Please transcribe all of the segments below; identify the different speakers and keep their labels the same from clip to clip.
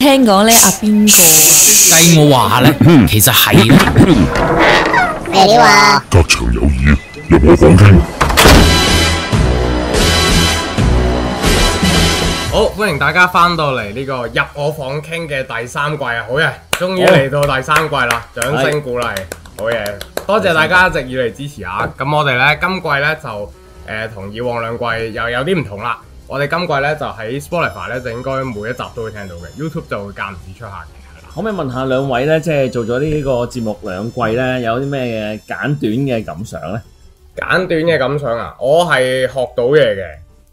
Speaker 1: 聽講咧，阿邊個啊
Speaker 2: 計我話咧，其實係。
Speaker 1: 你話
Speaker 2: 隔牆有耳，入我房傾。好，歡迎大家翻到嚟呢個入我房傾嘅第三季啊！好嘢，終於嚟到第三季啦，掌聲鼓勵。好嘢，多謝大家一直以嚟支持啊！咁我哋咧今季咧就誒同以往兩季又有啲唔同啦。我哋今季咧就喺 Spotify 咧就應該每一集都會聽到嘅，YouTube 就會間唔時出客嘅。
Speaker 3: 可唔可以問下兩位咧，即係做咗呢個節目兩季咧，有啲咩嘅簡短嘅感想咧？簡短嘅感想啊，我係學到嘢
Speaker 2: 嘅，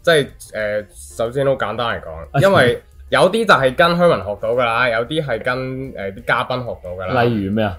Speaker 2: 即係誒、呃，首先都簡單嚟講，啊、因為有啲就係跟開文井學到㗎啦，有啲係跟誒啲嘉賓學到㗎啦。例如咩啊？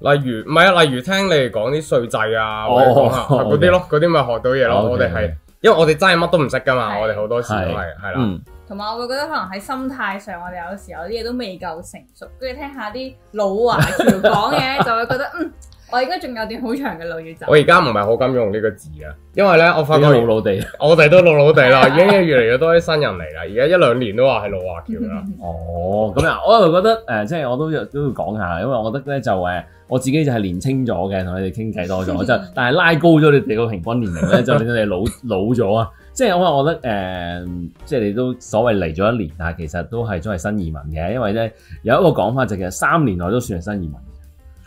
Speaker 2: 例如唔係啊？例如聽你哋講啲稅制啊，嗰啲咯，嗰啲咪學到嘢咯。我哋係。因為我哋真係乜都唔識噶嘛，的我哋好多時都係，係啦。
Speaker 1: 同埋我會覺得可能喺心態上，我哋有時候啲嘢都未夠成熟，跟住聽下啲老華僑講嘢， 就會覺得嗯。我應該仲有
Speaker 2: 段好長嘅路要走。我而家唔係好敢用呢個字啊，因為咧，我發覺我老老地， 我哋都
Speaker 3: 老老地啦，已經越嚟越多啲新人嚟啦。而家一兩年都話係老華僑啦。 哦，咁、嗯、啊，我就覺得誒、呃，即係我都都要講下，因為我覺得咧就誒，我自己就係年青咗嘅，同你哋傾偈多咗， 就但係拉高咗你哋個平均年齡咧，就令到你老 老咗啊。即係我覺得誒、呃，即係你都所謂嚟咗一年，但係其實都係都係新移民嘅，因為咧有一個講法就是、其實三年內都算係新移民。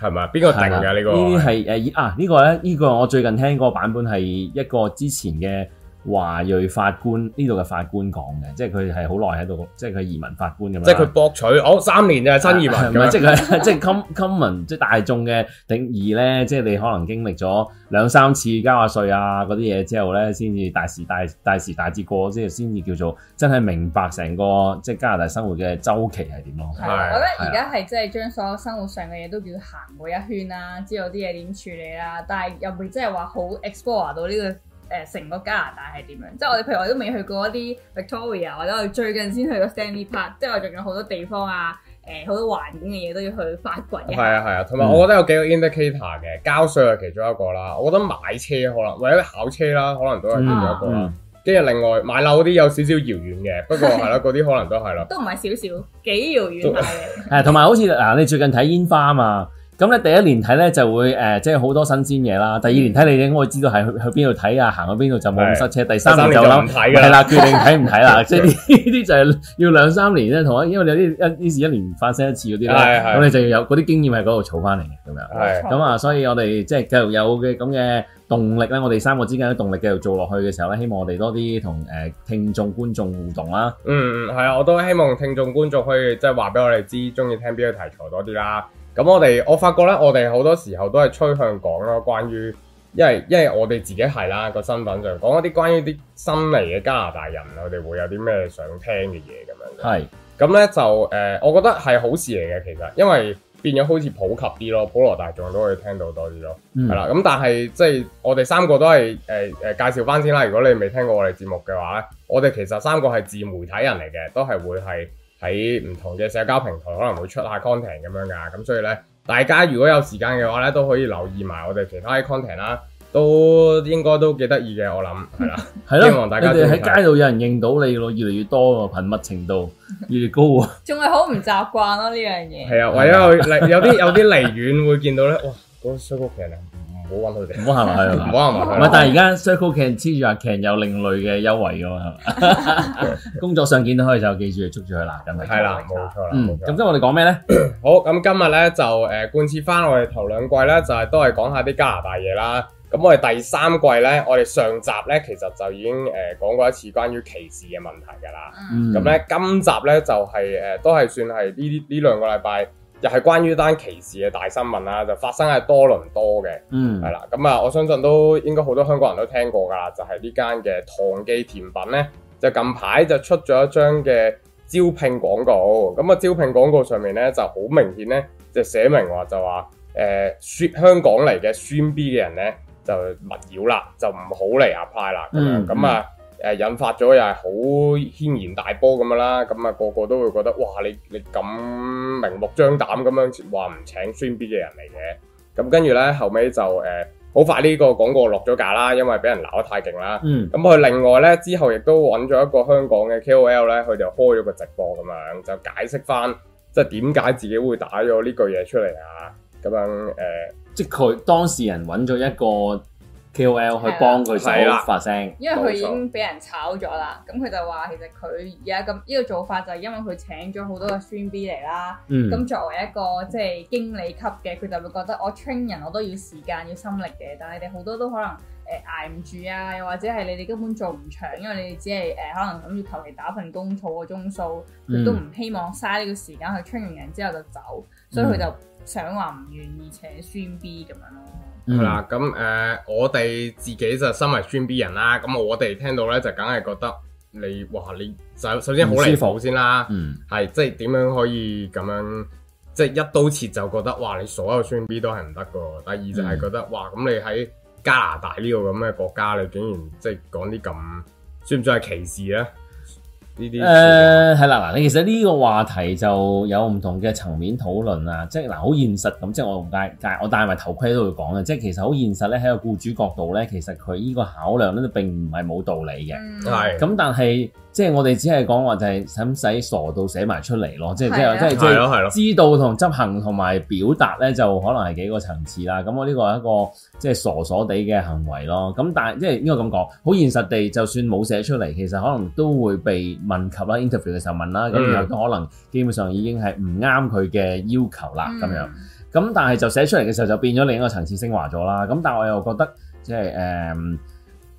Speaker 3: 係咪？邊個定㗎？呢個呢啲係啊！呢個咧，呢個我最近聽嗰個版本係一個之前嘅。華裔法官呢度嘅法官講嘅，即係佢係好耐喺度，即係佢移民法官咁樣。即係佢博取，哦三年就係新移民。唔係， 即係即係 common，即係 大眾嘅定義咧，即係你可能經歷咗兩三次交下稅啊嗰啲嘢之後咧，先至大時大大時大節過，即係先至叫做真係明白成個即係加拿大生活嘅周期係點咯。係的，的我覺得而家
Speaker 1: 係即係將所有生活上嘅嘢都叫行過一圈啦、啊，知道啲嘢點處理啦、啊，但係又未真係話好 explore 到呢、這個。誒成個加拿大係點樣？即係我哋譬如我都未去過一啲 Victoria，或者我哋最近先去咗 Stanley Park，即係我仲有好多地方啊，誒好多環境嘅嘢都要去發掘。係啊
Speaker 2: 係啊，同埋、啊、我覺得有幾個 indicator 嘅，交稅係其中一個啦。我覺得買車可能或者考車啦，可能都係其中一個。跟
Speaker 3: 住、啊、另外買樓啲有少少遙遠嘅，不過係咯，嗰啲可能都係咯。
Speaker 1: 都唔係少少，幾遙遠
Speaker 3: 嘅。係同埋好似啊，你最近睇煙花嘛？咁咧，第一年睇咧就會誒，即係好多新鮮嘢啦。第二年睇，你應該會知道係去、嗯、去邊度睇啊，行去邊度就冇咁塞車。對第三年就諗係啦， 決定睇唔睇啦。 即係呢啲就係要兩三年咧，同因為有啲一啲事一,一年發生一次嗰啲咧，咁對你就要有嗰啲對經驗喺嗰度儲翻嚟嘅咁樣。咁對啊，所以我哋即係繼續有嘅咁嘅動力咧。我哋三個之間嘅動力繼續做落去嘅時候咧，希望我哋多啲同誒聽眾、觀眾互動啦。嗯
Speaker 2: 嗯，係啊，我都希望聽眾、觀眾可以即係話俾我哋知，中意聽邊個題材多啲啦。咁我哋，我發覺咧，我哋好多時候都係趨向講咯，關於，因為因為我哋自己係啦個身份上，講一啲關於啲新嚟嘅加拿大人，我哋會有啲咩想聽嘅嘢咁樣。係是，咁咧就誒、呃，我覺得係好事嚟嘅，其實，因為變咗好似普及啲咯，普羅大眾都可以聽到多啲咯，係、嗯、啦。咁但係即係我哋三個都係誒誒介紹返先啦。如果你未聽過我哋節目嘅話，我哋其實三個係自媒體人嚟嘅，都係會係。喺唔同嘅社交平台可能會出下 content 咁樣㗎，咁所以咧，大家如果有時間嘅話咧，都可以留意埋我哋其他 content 啦，都應該都幾得意嘅，我諗
Speaker 3: 係啦，係啦，希望大家你哋喺街度有人認到你咯，越嚟越多啊，頻密程度越嚟越高啊，
Speaker 1: 仲係好唔習慣咯呢樣嘢，係啊，
Speaker 3: 或者有啲有啲離遠會見到咧，哇，嗰個收穫平
Speaker 2: 啊！唔好揾
Speaker 3: 佢哋，唔好行埋去，唔好行埋去。唔係 但係而家 Circle Can 黐住阿 Can 有另類嘅優惠㗎嘛？ 工作上見到可以就記住捉住佢啦，係咪？係啦，冇錯啦，冇錯。
Speaker 2: 咁即係我哋講咩咧？好，咁今日咧就誒貫徹翻我哋頭兩季咧，就係、是、都係講下啲加拿大嘢啦。咁我哋第三季咧，我哋上集咧其實就已經誒、呃、講過一次關於歧視嘅問題㗎啦。咁咧、嗯、今集咧就係、是、誒都係算係呢呢兩個禮拜。又係關於單歧視嘅大新聞啦，就發生喺多倫多嘅，係啦、嗯。咁啊，我相信都應該好多香港人都聽過㗎啦，就係呢間嘅糖記甜品咧，就近排就出咗一張嘅招聘廣告。咁啊，招聘廣告上面咧就好明顯咧，就寫明話就話誒、呃，香港嚟嘅 Stream B 嘅人咧就勿擾啦，就唔好嚟 apply 啦咁樣。咁啊。嗯誒引發咗又係好軒然大波咁樣啦，咁、那、啊個個都會覺得哇！你你咁明目張膽咁樣話唔請 Stream B 嘅人嚟嘅，咁跟住咧後尾就誒好、呃、快呢個廣告落咗架啦，因為俾人鬧得太勁啦。咁佢、嗯嗯、另外咧之後亦都揾咗一個香港嘅 KOL 咧，佢就開咗個直播咁樣，就解釋翻
Speaker 3: 即係點解自己會打咗呢句嘢出嚟啊？咁樣誒，呃、即係佢當事人揾咗一個。QL 去幫佢手啦，了發聲，因為佢已經
Speaker 1: 俾人炒咗啦。咁佢錯就話其實佢而家咁呢個做法就係因為佢請咗好多嘅 Stream B 嚟啦。咁作為一個即係經理級嘅，佢就會覺得我 train 人我都要時間要心力嘅。但係你好多都可能誒、呃、捱唔住啊，又或者係你哋根本做唔長，因為你哋只係誒、呃、可能諗住求其打份工儲個鐘數，佢、嗯、都唔希望嘥呢個時間去 train 完人之後就走，所以佢就、嗯。想話唔願意請 Stream
Speaker 3: B 咁樣咯，
Speaker 2: 係啦咁誒，我哋自己就身為 Stream B 人啦，咁我哋聽到咧就梗係覺得你話你首首先好離譜先啦，係、mm hmm. 即係點樣可以咁樣即係一刀切就覺得哇你所有 Stream B 都係唔得嘅，第二就係覺得哇咁、mm hmm. 你喺加拿大呢個咁嘅國家，你竟然即係講啲咁，算唔算係歧視咧？誒係啦，嗱你、
Speaker 3: 呃、其實呢個話題就有唔同嘅層面討論啊，即係嗱好現實咁，即係我唔戴戴我戴埋頭盔都會講嘅，即係其實好現實咧，喺個僱主角度咧，其實佢呢個考量咧都並唔係冇道理嘅，係咁、嗯、但係。即係我哋只係講話就係使唔使傻到寫埋出嚟咯？的即係即係即係知道同執行同埋表達呢，就可能係幾個層次啦。咁我呢個係一個即係傻傻地嘅行為咯。咁但係即係應該咁講，好現實地，就算冇寫出嚟，其實可能都會被問及啦，interview 嘅時候問啦，咁有都可能基本上已經係唔啱佢嘅要求啦。咁、嗯、樣咁但係就寫出嚟嘅時候就變咗另一個層次升華咗啦。咁但係我又覺得即係誒。嗯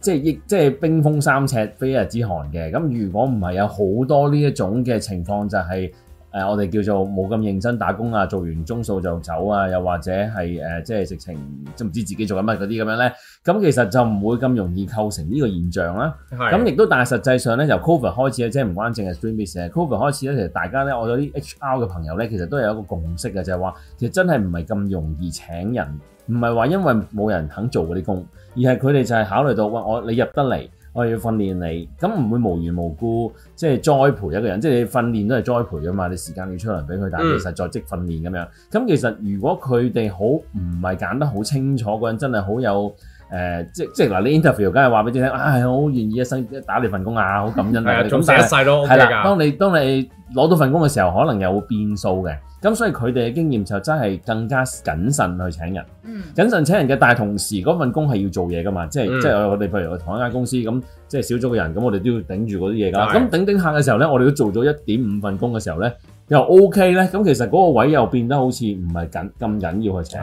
Speaker 3: 即係亦即係冰封三尺非一日之寒嘅，咁如果唔係有好多呢一種嘅情況，就係，就係。誒、呃，我哋叫做冇咁認真打工啊，做完鐘數就走啊，又或者係誒、呃，即係直情即唔知自己做緊乜嗰啲咁樣咧。咁其實就唔會咁容易構成呢個現象啦。咁亦都，但係實際上咧，由 Covid 開始咧，即係唔關淨係 Stream B，係 Covid 開始咧，其實大家咧，我有啲 HR 嘅朋友咧，其實都有一個共識嘅，就係、是、話其實真係唔係咁容易請人，唔係話因為冇人肯做嗰啲工，而係佢哋就係考慮到喂，我你入得嚟。我要訓練你，咁唔會無緣無故即係栽培一個人，即係你訓練都係栽培噶嘛，你時間要出嚟俾佢，但係其實在職訓練咁樣。咁、嗯、其實如果佢哋好唔係揀得好清楚，個人真係好有誒、呃，即即嗱，你 interview 梗係話俾你聽，唉、哎，好願意一生打你份工啊，好感恩啊，咁曬的說一世都係啦。當你當你攞到份工嘅時候，可能有變數嘅。咁所以佢哋嘅經驗就真係更加謹慎去請人，嗯、謹慎請人嘅大同時嗰份工係要做嘢㗎嘛，即係、嗯、我哋譬如同一間公司咁，即係少咗個人，咁我哋都要頂住嗰啲嘢㗎。咁對頂頂下嘅時候咧，我哋都做咗一點五份工嘅時候咧。又 OK 咧，咁其實嗰個位又變得好似唔係緊咁緊要去請，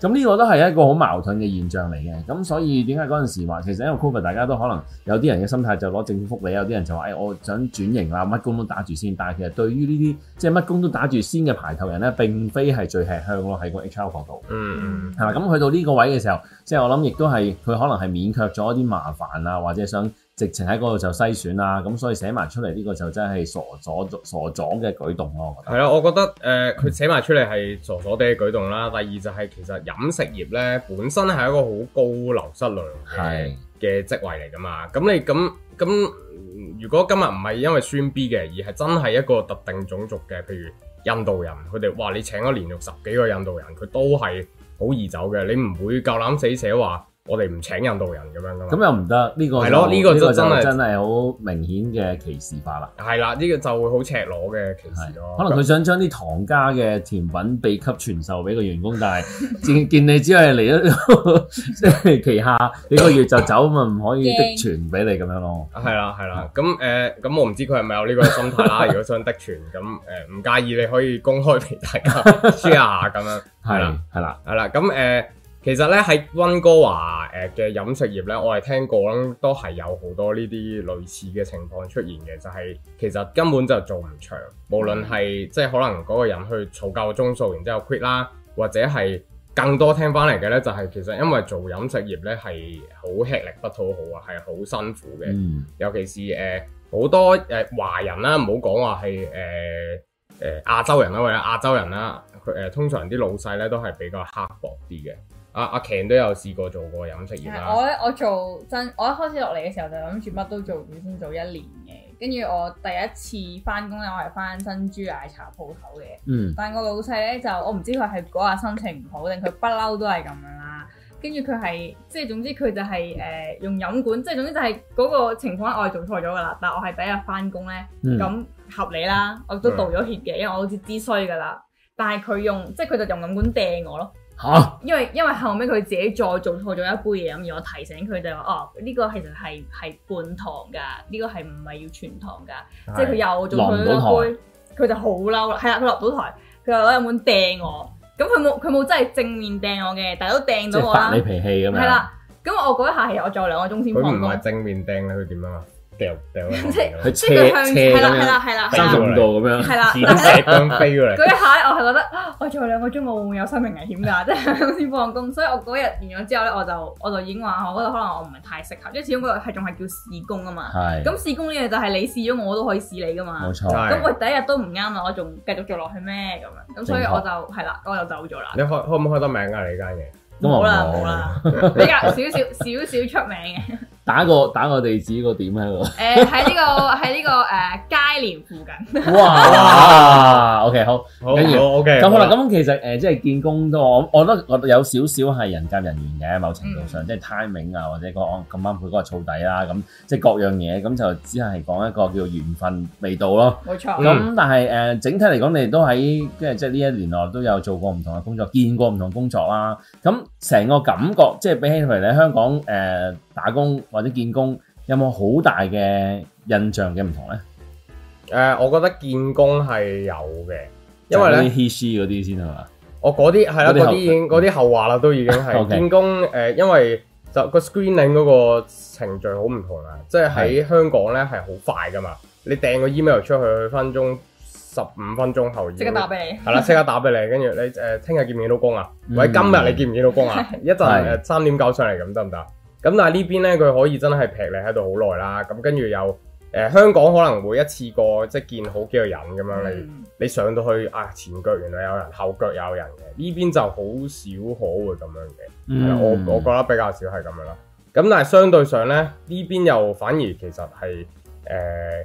Speaker 3: 咁呢個都係一個好矛盾嘅現象嚟嘅。咁所以點解嗰陣時話其實因為 COVID 大家都可能有啲人嘅心態就攞政府福利，有啲人就話誒、哎、我想轉型啦，乜工都打住先。但係其實對於呢啲即係乜工都打住先嘅排頭人咧，並非係最吃香咯，喺個 HR 角度。嗯嗯，係啦，咁去到呢個位嘅時候，即係我諗亦都係佢可能係免卻咗一啲麻煩啊，或者想。直情喺嗰度就篩選啦，咁所以寫埋出嚟呢個就真係傻咗傻咗嘅舉動咯。
Speaker 2: 係啊，我覺得誒佢、呃、寫埋出嚟係傻傻哋嘅舉動啦。第二就係其實飲食業呢本身係一個好高流失量嘅嘅的職位嚟噶嘛。咁你咁咁，如果今日唔係因為 Stream B 嘅，而係真係一個特定種族嘅，譬如印度人，佢哋話你請咗連續十幾個印度人，佢都係好易走嘅。你唔會夠膽死寫話。我哋唔請印度人咁樣噶嘛？咁
Speaker 3: 又唔得呢個係咯？呢個就真係真係好明顯嘅歧視化啦。
Speaker 2: 係啦，呢個就會好赤裸嘅歧視咯。
Speaker 3: 可能佢想將啲唐家嘅甜品秘笈傳授俾個員工，但係見你只係嚟咗即係旗下幾個月就走，咪唔可以的傳俾你咁樣咯？係啦，係啦。
Speaker 2: 咁誒咁，我唔知佢係咪有呢個心態啦。如果想的傳咁誒，唔介意你可以公開俾大家 share 下咁樣。係啦，係啦，係啦。咁誒。其實咧喺溫哥華誒嘅飲食業咧，我係聽過都係有好多呢啲類似嘅情況出現嘅。就係、是、其實根本就做唔長，無論係即係可能嗰個人去嘈夠鐘數，然之後 quit 啦，或者係更多聽翻嚟嘅咧，就係、是、其實因為做飲食業咧係好吃力不討好啊，係好辛苦嘅。嗯、尤其是誒好、呃、多誒、呃、華人啦，唔好講話係誒誒亞洲人啦，或者亞洲人啦，佢誒、呃、通常啲老細咧都係比較刻薄啲嘅。阿阿 Can 都有試過做過飲食業 yeah,、啊、我
Speaker 1: 我做真，我一開始落嚟嘅時候就諗住乜都做，要先做一年嘅。跟住我第一次返工咧，我係返珍珠奶茶鋪頭嘅。嗯。但係個老細咧就我唔知佢係嗰日心情唔好定佢不嬲都係咁樣啦。跟住佢係即係總之佢就係、是、誒、呃、用飲管，即係總之就係嗰個情況我係做錯咗噶啦。但係我係第一日返工咧，咁、嗯、合理啦，我都道咗歉嘅，嗯、因為我好似知衰噶啦。但係佢用即係佢就用飲管掟我咯。嚇、啊！因為因為後尾佢自己再做錯咗一杯嘢，咁而我提醒佢就話：哦，呢個其實係係半糖噶，呢個係唔係要全糖噶。的即係佢又做錯咗杯，佢就好嬲啦。係啦，佢落唔到台，佢又攞一碗掟我。咁佢冇佢冇真係正面掟我嘅，但係都掟到我啦。發你脾氣咁樣。係啦，咁我嗰一下係我做兩個鐘先放工。佢唔係
Speaker 2: 正面掟你，佢點啊？
Speaker 3: 掉掉，即係佢斜斜係啦係啦係啦，三十五度咁樣，係啦，一飛過嚟。嗰一下我
Speaker 1: 係覺得，我仲有兩個鐘，我會唔會有生命危險㗎？即係先放工，所以我嗰日完咗之後咧，我就我就已經話，我覺得可能我唔係太適合，因為始終嗰日係仲係叫試工啊嘛。係。咁試工呢樣就係你試咗我，我都可以試你㗎嘛。冇錯。咁我第一日都唔啱啊！我仲繼續做落去咩？咁樣咁，所以我就係啦，我又走咗
Speaker 3: 啦。你開開唔開得名㗎？你呢間嘢冇啦冇啦，
Speaker 1: 比較少少少少出名嘅。
Speaker 3: 打個打個地址個點喺度？誒
Speaker 1: 喺呢個喺呢個誒街連附
Speaker 3: 近。哇！OK 好，跟住 OK 咁好啦。咁其實誒即係見工都，我我都覺得我有少少係人夾人緣嘅，某程度上即係 timing 啊，或者講咁啱佢嗰個草底啦，咁即係各樣嘢，咁就只係講一個叫緣分未到咯。
Speaker 2: 冇錯。咁但
Speaker 3: 係誒整體嚟講，你都喺即係即係呢一年內都有做過唔同嘅工作，見過唔同工作啦。咁成個感覺即係比起譬如喺香港誒。打工或者建工有冇好大嘅印象嘅唔同咧？誒，我覺得建工係有嘅，
Speaker 2: 因為咧，H
Speaker 3: C 嗰啲先係嘛？
Speaker 2: 我嗰啲係啦，嗰啲已經嗰啲後話啦，都已經係建工誒，因為就個 screening 嗰個程序好唔同啊，即係喺香港咧係好快噶嘛，你訂個 email 出去，分鐘十五分鐘後已經即刻打俾你，係啦，即刻打俾你，跟住你誒聽日見唔見到工啊？或者今日你見唔見到工啊？一陣係三點九上嚟咁得唔得？咁但係呢邊呢，佢可以真係劈你喺度好耐啦。咁跟住又誒、呃，香港可能會一次過即係見好幾個人咁樣。嗯、你你上到去啊、呃、前腳原來有人，後腳有人嘅呢邊就好少可會咁樣嘅、嗯。我我覺得比較少係咁樣啦。咁但係相對上呢，呢邊又反而其實係誒、呃、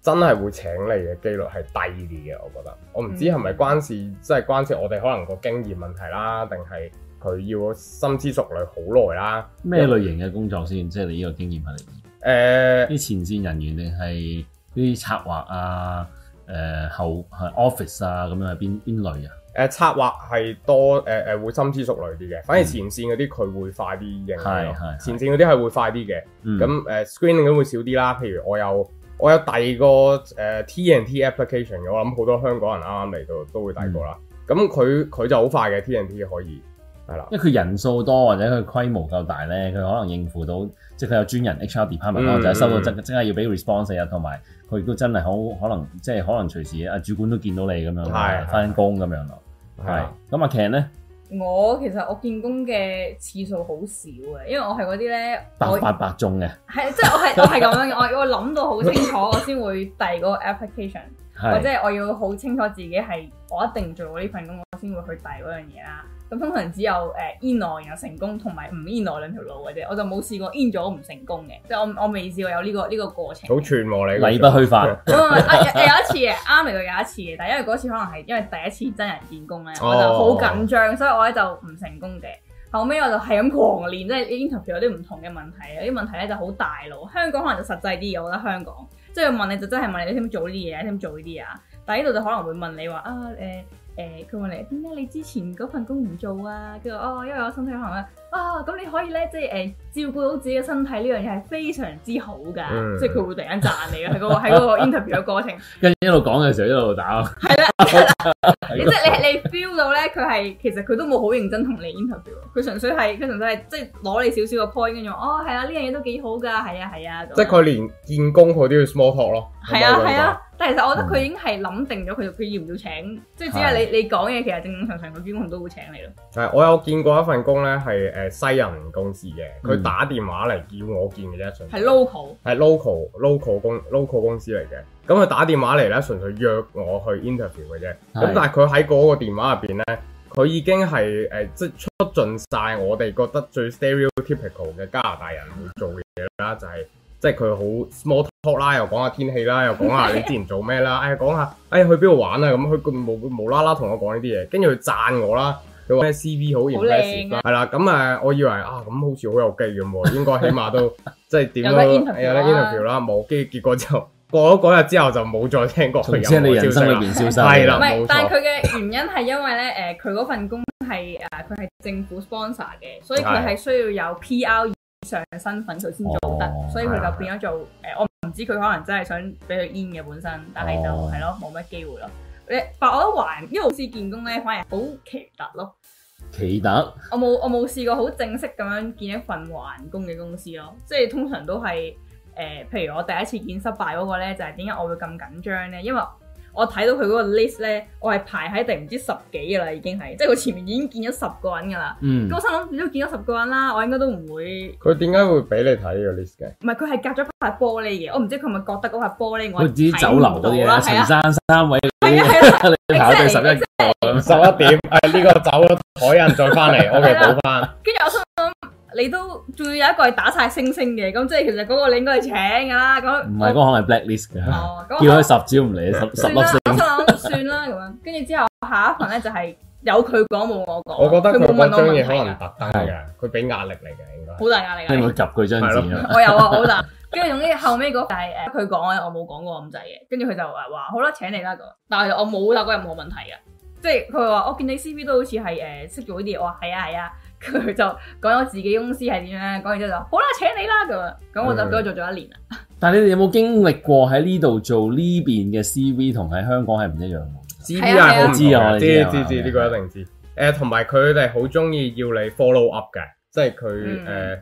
Speaker 2: 真係會請你嘅機率係低啲嘅。我覺得我唔知是是係咪、嗯、關事，即係關事我哋可能個經驗問題啦，定係？佢要我深思熟慮
Speaker 3: 好耐啦。咩為類型嘅工作先？即係你呢個經驗係誒啲前線人員定係啲策劃啊？誒、呃、後係 office 啊咁樣邊邊類啊？
Speaker 2: 誒、呃、策劃係多誒誒、呃、會深思熟慮啲嘅，反而
Speaker 3: 前線嗰啲佢
Speaker 2: 會快啲應。係係、嗯、前線嗰啲係會快啲嘅。咁誒 screening 都會少啲啦。譬如我有我有，我有第二個誒、呃、T n T application 嘅，我諗好多香港人啱啱嚟到都會第二個啦。咁佢佢就好快嘅 T n T 可以。
Speaker 3: 因為佢人數多或者佢規模夠大咧，佢可能應付到，即係佢有專人 HR department 咯、嗯，我就係收到即即係要俾 response 啊，同埋佢亦都真係好，可能即係可能隨時阿主管都見到你咁樣，係翻工咁樣咯，係。咁阿 Can 呢？
Speaker 1: 我其實我見工嘅次數好少嘅，因為我係嗰啲咧八八八中嘅，係即係我係我係咁樣嘅，我白白白、就是、我諗 到好清楚，我先會遞個 application。是或者我要好清楚自己係我一定做過呢份工，我先會去遞嗰樣嘢啦。咁通常只有誒 in、呃、來又成功同埋唔 in 來兩條路嘅啫，我就冇試過 in 咗唔成功嘅。即係我我未試過有呢、呢個呢、呢個過程。好
Speaker 2: 絕望嚟，例不虛發、 嗯。有一
Speaker 1: 次嘅啱嚟到有一次嘅，但係因為嗰次可能係因為第一次真人見工咧，我就好緊張，哦、所以我咧就唔成功嘅。後尾我就係咁狂練，即、就、係、是、interview 有啲唔同嘅問題，有啲問題咧就好大路。香港可能就實際啲，嘅，我覺得香港。即係問你，就真係問你你點做呢啲嘢，你點做呢啲嘢啊？但係呢度就可能會問你話啊誒誒，佢、欸欸、問你點解你之前嗰份工唔做啊？佢話哦，因為我身體可能……啊，咁、哦、你可以咧，即係誒、呃、照顧到自己嘅身體呢樣嘢係非常之好噶，嗯、即係佢會突然間讚你嘅，喺嗰個喺嗰個 interview 嘅過程，
Speaker 3: 跟住一路講嘅時候一路打。係 啦，你即係你
Speaker 1: 你 feel 到咧，佢係其實佢都冇好認真同你 interview，佢純粹係佢純粹係即係攞你少少嘅 point，跟住哦，係啊，呢樣嘢都幾好噶，係啊係啊。即係佢
Speaker 2: 連見工佢都要 smoke 咯。係啊係啊，
Speaker 1: 但係其實我覺得佢已經係諗定咗佢佢要唔要請，嗯、即係只係你你講嘢其實正正常常個僱主都會請你
Speaker 2: 咯。我有見過一份工咧係誒。嗯西人公司嘅，佢打電話嚟叫我見嘅啫，純粹係 local，係 local local 公 local 公司嚟嘅。咁佢打電話嚟咧，純粹約我去 interview 嘅啫。咁的但係佢喺嗰個電話入邊咧，佢已經係誒、呃、即係出盡晒我哋覺得最 stereotypical 嘅加拿大人會做嘅嘢啦， 就係、是、即係、就、佢、是、好 small talk 啦，又講下天氣啦，又講下你之前做咩啦，哎呀講下哎去邊度玩啊，咁佢冇冇啦啦同我講呢啲嘢，跟住佢讚我啦。佢話咩 CV 好型，係啦，咁誒、啊，我以為啊，咁好似好有機咁喎、啊， 應該起碼都即係點咯，就是、有得 interview 啦，冇，結結果就過咗嗰日之後就冇再聽過佢有咩消息啦。係啦，唔係，但係佢
Speaker 1: 嘅原因係因為咧，誒、呃，佢嗰份工係誒，佢、呃、係政府 sponsor 嘅，所以佢係需要有 PR 以上嘅身份佢先做得，哦、所以佢就變咗做誒、呃，我唔知佢可能真係想俾佢 in 嘅本身，但係就係咯，冇乜、哦、機會咯。你白我一環，這個，呢個好似見工咧，反而好奇特咯。
Speaker 3: 奇特。
Speaker 1: 我冇我冇試過好正式咁樣見一份環工嘅公司咯。即係通常都係誒、呃，譬如我第一次見失敗嗰，那個咧，就係點解我會咁緊張咧？因為我睇到佢嗰個 list 咧，我係排喺第唔知十幾嘅啦，已經係，即係佢前面已經見咗十個人㗎啦。嗯。咁我心諗都見咗十個人啦，我應該都唔會。
Speaker 2: 佢點解會俾你睇呢個 list 嘅？
Speaker 1: 唔係，佢係隔咗塊玻璃嘅，我唔知佢係咪覺得嗰塊玻璃我睇唔到啦。係啊。陳生
Speaker 3: 三位。 係啊，你考到十一點，十一點，呢個走咗，海印再翻嚟，O K 補翻。
Speaker 1: 跟住我心諗，你都仲要有一個係打晒星星嘅，咁即係其實嗰個你應該係請噶啦。咁唔係嗰
Speaker 3: 個係 black list 嘅。哦，叫佢十招唔嚟，十十粒星。我心諗
Speaker 1: 算啦咁樣。跟住之後下一份咧就係有佢講，冇我講。我覺得佢冇問到問題啊。特登
Speaker 3: 嘅，
Speaker 2: 佢俾壓力
Speaker 3: 嚟嘅，應該。
Speaker 1: 好大壓力噶。你有冇
Speaker 3: 夾佢張紙啊？我有啊，好大。
Speaker 1: 跟住用啲後尾嗰個係誒，佢講嘅我冇講過咁滯嘅。跟住佢就話話好啦，請你啦咁。但係我冇，但係嗰日冇問題嘅。即係佢話我見你 CV 都好似係誒識咗啲。我話係啊係啊。佢就講咗自己公司係點樣。講完之後就好啦，請你啦咁。咁我就咁做咗一年啦。
Speaker 3: 但係你哋有冇經歷過喺呢度做呢邊嘅 CV 同喺香港係唔一樣？CV 我知啊，知知知，呢個一
Speaker 2: 定知。誒，同埋佢哋好中意要你 follow up 嘅，即係佢誒。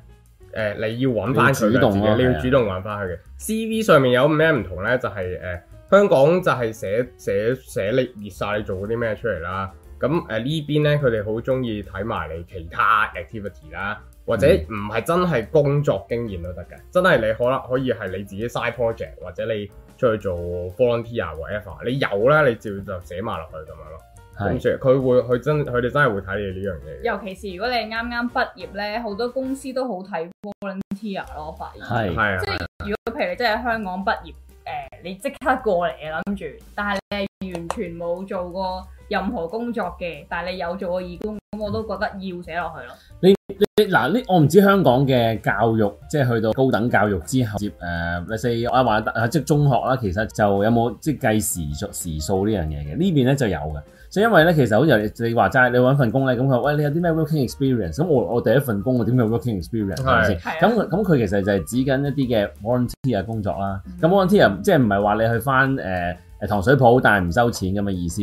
Speaker 2: 誒、呃，你要揾翻主動嘅，你要主動揾翻佢嘅 CV 上面有咩唔同咧？就係、是、誒、呃，香港就係寫寫寫你列曬你做啲咩出嚟啦。咁誒、呃、呢邊咧，佢哋好中意睇埋你其他 activity 啦，或者唔係真係工作經驗都得嘅。嗯、真係你可能可以係你自己 side project，或者你出去做 volunteer 或 whatever，你有咧，你照就寫埋落去咁樣咯。佢是會佢真佢哋真係會睇你呢樣嘢。
Speaker 1: 尤其是如果你啱啱畢業咧，好多公司都好睇 volunteer 咯。我發現係是即係如果譬如你真係香港畢業誒、呃，你即刻過嚟諗住，但係你係完全冇做過任何工作嘅，但係你有做過義工咁，我都覺得要寫落去咯。
Speaker 3: 你你嗱呢？我唔知香港嘅教育即係去到高等教育之後誒，你，四啊還即係中學啦，其實就有冇即係計時數時數樣呢樣嘢嘅，呢邊咧就有嘅。即因為咧，其實好似你你話齋，你揾份工咧，咁佢喂，你有啲咩 working experience？咁我，我第一份工我點有 working experience？係咪先？咁咁佢其實就係指緊一啲嘅 volunteer 工作啦。咁 volunteer 即係唔係話你去返、呃、糖水鋪，但係唔收錢咁嘅意思。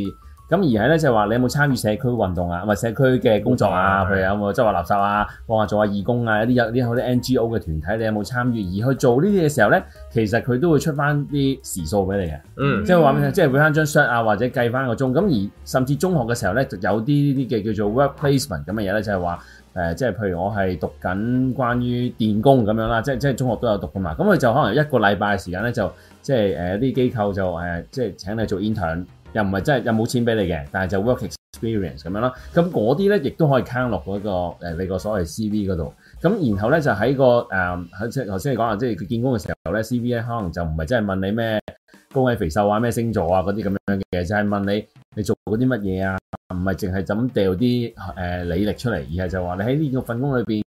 Speaker 3: 咁而係咧，就係話你有冇參與社區運動啊，唔係社區嘅工作啊，譬如有冇執下垃圾啊，幫下做下義工啊，一啲有啲好啲 NGO 嘅團體，你有冇參與而去做呢啲嘅時候咧，其實佢都會出翻啲時數俾你嘅，嗯，即係話咩咧，即係會翻張 sheet 啊，就是、sheet，或者計翻個鐘。咁而甚至中學嘅時候咧，就有啲呢啲嘅叫做 work placement 咁嘅嘢咧，就係話誒，即係譬如我係讀緊關於電工咁樣啦，即即係中學都有讀噶嘛。咁佢就可能一個禮拜嘅時間咧，就即係誒啲機構就誒即係請你做 intern。又唔係真係又冇錢俾你嘅，但係就 work experience 咁樣啦。咁嗰啲咧，亦都可以攤落嗰個、呃、你個所謂 CV 嗰度。咁然後咧就喺個誒即頭先你講話，即係佢見工嘅時候咧，CV 咧可能就唔係真係問你咩高矮肥瘦啊，咩星座啊嗰啲咁樣嘅嘢，就係問你你做過啲乜嘢啊？唔係淨係就咁掉啲誒履歷出嚟，而係就話你喺呢個份工裏邊，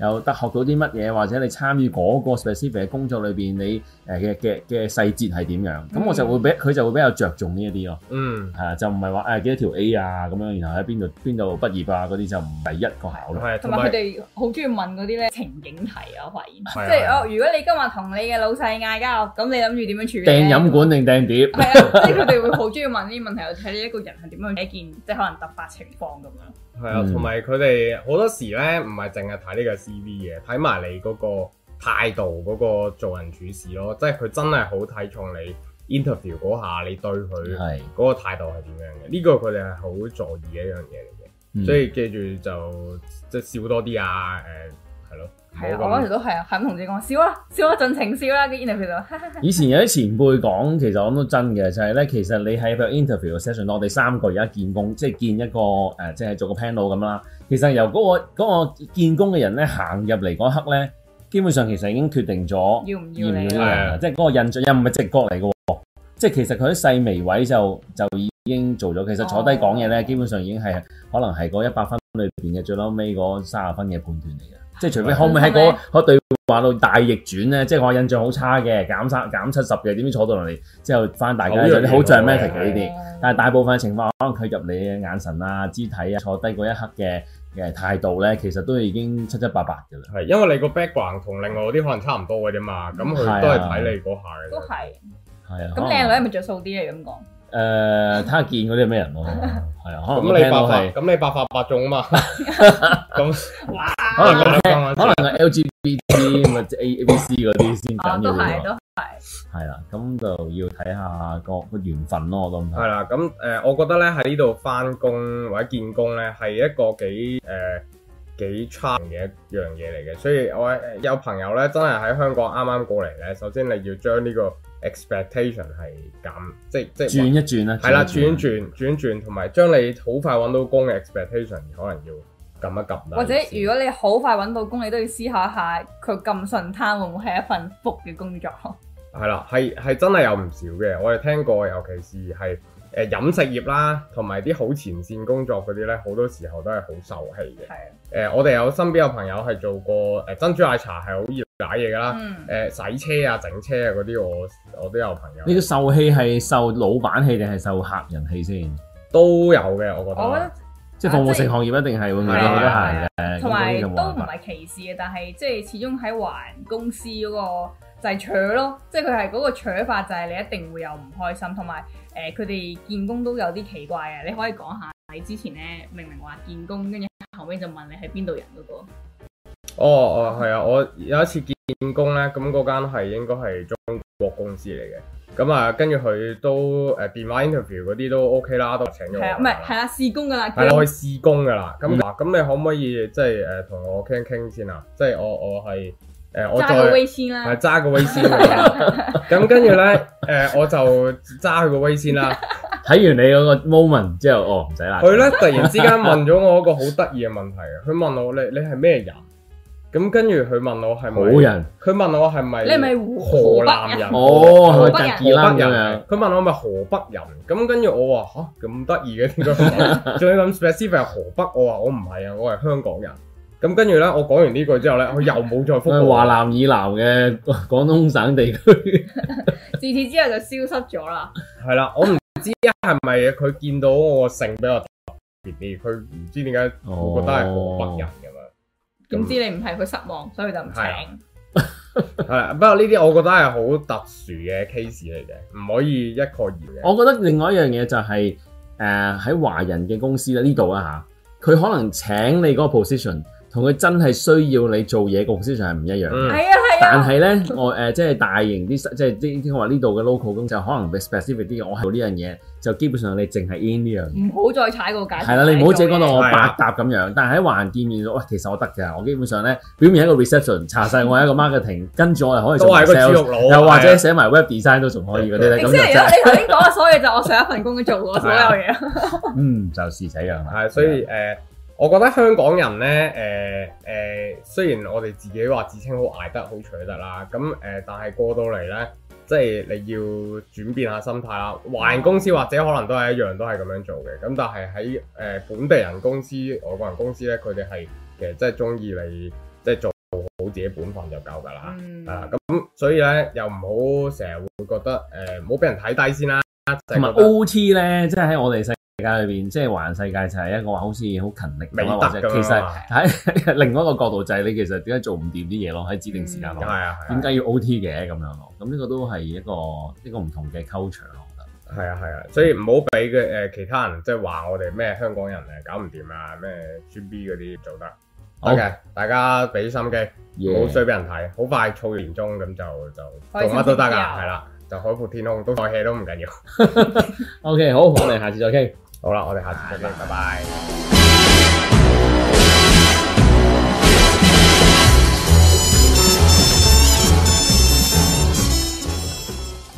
Speaker 3: 有得學到啲乜嘢，或者你參與嗰個 specific 嘅工作裏邊，你誒嘅嘅嘅細節係點樣？咁我就會俾佢就會比較着重呢一啲咯。嗯，係啊，就唔係話誒幾多條 A 啊咁樣，然後喺邊度邊度畢業啊嗰啲就唔係第一個考慮。係，同埋佢哋
Speaker 1: 好中意問嗰啲咧情景題啊，我發現。係啊。即係哦，如果你今日同你嘅老細嗌交，咁你諗住點樣處理咧？掟飲管
Speaker 3: 定掟碟？係啊，即係佢
Speaker 1: 哋會好中意問呢啲問題，睇你一個人係點樣睇一件，即係可能突發情況咁樣。
Speaker 2: 係啊，同埋佢哋好多時咧，唔係淨係睇呢個。v 嘅睇埋你嗰個態度嗰、嗰個做人處事咯，即係佢真係好睇重你 interview 嗰下你對佢嗰個態度係點樣嘅，呢是個佢哋係好在意一樣嘢嚟嘅。嗯、所以記住就即係笑多啲啊！誒、呃、
Speaker 1: 係咯，我嗰時都係啊，肯同你己講笑啊，笑啊，盡情笑啦！跟住然後佢就以前
Speaker 3: 有啲前輩講，其實我都真嘅，就係、是、咧，其實你喺個 interview session，我哋三個而家見工，即係見一個誒、呃，即係做個 panel 咁啦。其實由嗰、那個嗰、那個、見工嘅人咧行入嚟嗰刻咧，基本上其實已經決定咗要唔要你啦，的即係嗰個印象又唔係直覺嚟嘅喎，即係其實佢喺細微位就就已經做咗。其實坐低講嘢咧，哦、基本上已經係可能係嗰一百分裏邊嘅最撈尾嗰三十分嘅判斷嚟嘅。即係的除非可唔可以喺嗰、那個、的個對話度大逆轉咧，即係我印象好差嘅，減三減七十嘅，點知坐到落嚟之後翻大咁樣，有啲好像 m e t i 呢啲。但係大部分情況，可能佢入你嘅眼神啊、肢體啊、坐低嗰一刻嘅。嘅態度咧，其實都已經七七八八嘅啦。係，因為你個 background 同另外嗰啲可能差唔多嘅啫嘛，咁佢、嗯、都係睇你嗰下嘅。都係。係
Speaker 1: 啊。咁靚女係咪着數啲嚟咁講？
Speaker 3: 誒睇下見嗰啲咩人咯，係啊，可能咁你百
Speaker 2: 咁你百發百中啊嘛，咁可能可能係
Speaker 3: LGBT 或者 ABC 嗰啲先緊要咯，都係都係係啦，咁就要睇下個個緣分咯，我都係啦，
Speaker 2: 咁誒，我覺得咧
Speaker 3: 喺呢度返
Speaker 2: 工或者見工咧係一個幾誒幾差嘅一樣嘢嚟嘅，所以我有朋友咧真係喺香港啱啱過嚟咧，首先你要將呢個 expectation 係咁，即即轉一
Speaker 3: 轉啦、啊。係啦的，轉一轉
Speaker 2: 轉一轉，同埋將你好快揾到工嘅 expectation 可能要撳一撳。或者如果
Speaker 1: 你好快揾到工，你都要思考一下，佢咁順攤會唔會係一份伏嘅工作？係
Speaker 2: 啦，係係真係有唔少嘅，我哋聽過，尤其是係。誒飲食業啦，同埋啲好前線工作嗰啲咧，好多時候都係好受氣嘅。係啊的、呃。我哋有身邊有朋友係做過誒、呃、珍珠奶茶係好熱解嘢㗎啦。嗯。誒、呃，洗車啊、整車啊嗰啲，我我都有朋
Speaker 3: 友。呢啲受氣係受老闆氣定係受客人氣先？都有嘅，我覺得。我覺得。即服務性行業一定係會唔會的都係嘅。同埋都唔係
Speaker 1: 歧視嘅，但係即係始終喺環公司嗰、嗰個。就係錯咯，即係佢係嗰個錯法，就係你一定會有唔開心，同埋誒佢哋見工都有啲奇怪嘅，你可以講下喺之前咧，明明話見工，跟住後尾就問你係邊度人嗰、那個？
Speaker 2: 哦哦，係、哦、啊，我有一次見工咧，咁嗰間係應該係中國公司嚟嘅，咁啊，跟住佢都誒電、呃、話 interview 嗰啲都 OK 啦，都請咗。係啊，唔
Speaker 1: 係係啊，試工噶啦、啊，我去試
Speaker 2: 工噶啦。咁啊，咁、嗯、你可唔可以即係誒同我傾傾先啊？即係我我係。誒、呃，我再係揸個威先，咁跟住咧，誒，我就揸佢個威先啦。
Speaker 3: 睇完你嗰個 moment 之後，哦，唔使啦。佢咧突然之間問咗
Speaker 2: 我一個好得意嘅問題，佢問我你你係咩人？咁跟住佢問我係咪？冇人。佢問我係咪？你係咪河南人？哦，係河北人。佢問我係咪河北人？咁跟住我話吓咁得意嘅，點解？啊」仲要咁 specific 係河北。我話我唔係啊，我係香港人。咁跟住咧，我講完句呢句之後咧，佢又冇再復我。華南
Speaker 3: 以南嘅廣東省地區，
Speaker 1: 自此之後就消失咗啦。
Speaker 2: 係啦，我唔知係咪佢見到我姓比較特別啲，佢唔知點解，我覺得係湖北人咁樣。總
Speaker 1: 之、哦、那你唔係佢失望，所以就唔請。
Speaker 2: 係的 不過呢啲，我覺得係好特殊嘅 case 嚟嘅，唔可以
Speaker 3: 一概而論。 我覺得另外一樣嘢就係誒喺華人嘅公司咧呢度啊嚇，佢可能請你嗰個 position，同佢真係需要你做嘢嘅 position 係唔一樣嘅，係啊，係啊。但係咧，我誒即係大型啲即係啲我話呢度嘅 local 公司，可能 be specific 啲嘅，我係呢樣嘢，就基本上你淨係 in 呢樣嘢，唔好
Speaker 1: 再踩過界。係啦，你唔好凈講
Speaker 3: 到我百搭咁樣。但係喺還見面，喂，其實我得嘅，我基本上咧，表面係個 reception，查曬我係一個 marketing，跟住我就可以做埋個豬肉佬，又或者寫埋 web design 都仲可以嗰啲咧。即係你頭先講嘅
Speaker 1: 所有嘢，就我上一份工嘅做嘅所有嘢。
Speaker 3: 嗯，就係咁樣。
Speaker 2: 係，所以誒。我覺得香港人呢，誒、呃、誒、呃，雖然我哋自己話自稱好捱得、好取得啦，咁誒、呃，但係過到嚟呢，即係你要轉變下心態啦。華人公司或者可能都係一樣，都係咁樣做嘅。咁但係喺、呃、本地人公司、外國人公司呢，佢哋係其實真係中意你即係做好自己本分就夠㗎啦。嗯、啊，咁所以呢，又唔好成日會覺得唔好俾人睇低先啦。咁、就
Speaker 3: 係、OT 呢，即係喺我哋世界裏邊，即係華人世界就係一個話好似好勤力嘅，其實喺另一個角度就係你其實點解做唔掂啲嘢咯？喺指定時間，係啊，點解要 OT 嘅咁樣咯？咁呢個都係一個一個唔同嘅 culture。係啊係啊，所以唔好俾嘅誒，其他人即係話我哋
Speaker 2: 咩香港人誒搞唔掂啊咩 G B 嗰啲做得 OK，大家俾心機，唔好衰俾人睇，好快湊完中咁就就做乜都得噶，係啦，就海闊天空，都放棄都唔緊要。
Speaker 3: OK，好，我哋下次再傾。好啦，我哋下次再見，拜拜。拜拜拜拜。